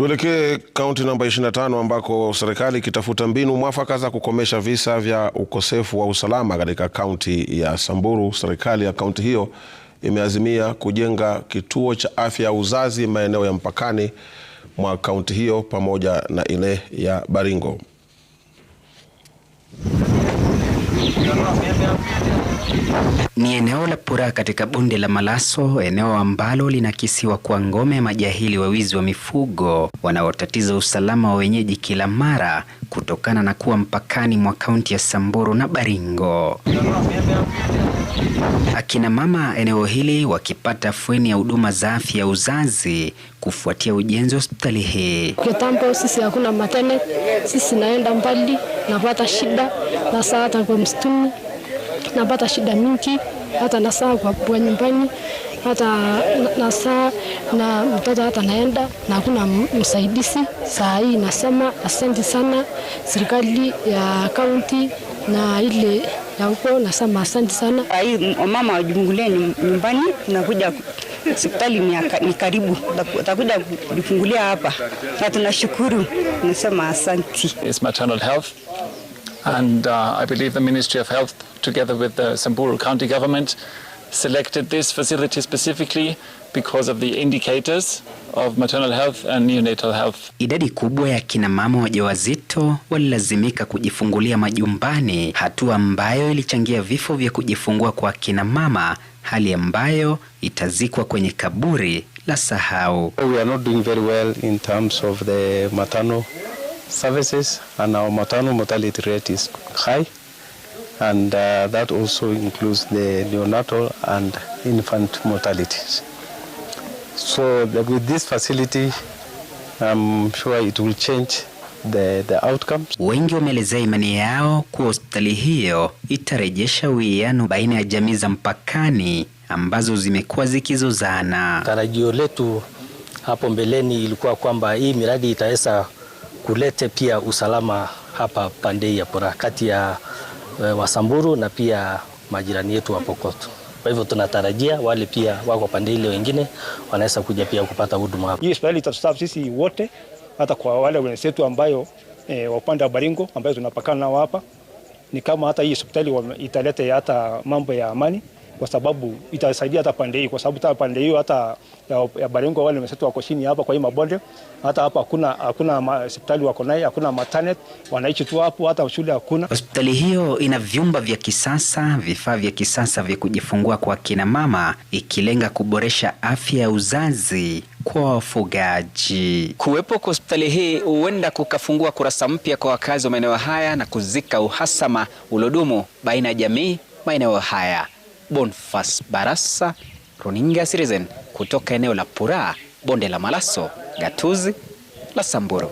Tuelekee kaunti namba 25 ambako serikali ikitafuta mbinu mwafaka za kukomesha visa vya ukosefu wa usalama katika kaunti ya Samburu, serikali ya kaunti hiyo imeazimia kujenga kituo cha afya ya uzazi maeneo ya mpakani mwa kaunti hiyo pamoja na ile ya Baringo. Ni eneo la Pura katika bonde la Malaso, eneo ambalo linakisiwa kuwa ngome ya majahili wawizi wa mifugo wanaotatiza usalama wa wenyeji kila mara kutokana na kuwa mpakani mwa kaunti ya Samburu na Baringo. Akina mama eneo hili wakipata fueni ya huduma za afya ya uzazi kufuatia ujenzi wa hospitali hii. Kitambo sisi hakuna matene, sisi naenda mbali napata shida na saa, hata kwa msituni napata shida mingi, hata na saa kwa kwa nyumbani, hata na saa na mtoto hata naenda na hakuna msaidizi. Saa hii nasema asante sana serikali ya kaunti na ile ya huko. Nasema asante sana. Hii mama wajungulia nyumbani, tunakuja hospitali ni karibu, tutakuja kujifungulia hapa na tunashukuru, nasema asante. It's maternal health and uh, I believe the Ministry of Health together with the Samburu County government selected this facility specifically because of the indicators of maternal health and neonatal health. Idadi kubwa ya kina mama wajawazito walilazimika kujifungulia majumbani, hatua ambayo ilichangia vifo vya kujifungua kwa kina mama, hali ambayo itazikwa kwenye kaburi la sahau. We are not doing very well in terms of the maternal services and our maternal mortality rate is high and uh, that also includes the neonatal and infant mortalities. So the, with this facility, I'm sure it will change the, the outcomes. Wengi wameelezea imani yao kuwa hospitali hiyo itarejesha uwiano baina ya jamii za mpakani ambazo zimekuwa zikizozana. Tarajio letu hapo mbeleni ilikuwa kwamba hii miradi itaweza kulete pia usalama hapa pande ya Pora kati ya Eh, wa Samburu na pia majirani yetu wa Pokoto. Kwa hivyo tunatarajia wale pia wako pande ile wengine wanaweza kuja pia kupata huduma hapo. Hii hospitali itatustafu sisi wote, hata kwa wale wenzetu ambayo e, wa upande wa Baringo ambayo tunapakana nao hapa, ni kama hata hii hospitali italete hata mambo ya amani kwa sababu itasaidia hata pande hii, kwa sababu hata pande hiyo hata ya, ya Baringo wale wenzetu wako chini hapa kwa hii mabonde. Hata hapa hakuna hakuna hospitali wako naye, hakuna maternity, wanaishi tu hapo, hata shule hakuna. Hospitali hiyo ina vyumba vya kisasa, vifaa vya kisasa vya kujifungua kwa kina mama, ikilenga kuboresha afya ya uzazi kwa wafugaji. Kuwepo kwa hospitali hii huenda kukafungua kurasa mpya kwa wakazi wa maeneo haya na kuzika uhasama uliodumu baina ya jamii maeneo haya. Bonfas Barasa, runinga Citizen, kutoka eneo la Pura, bonde la Malaso, gatuzi la Samburu.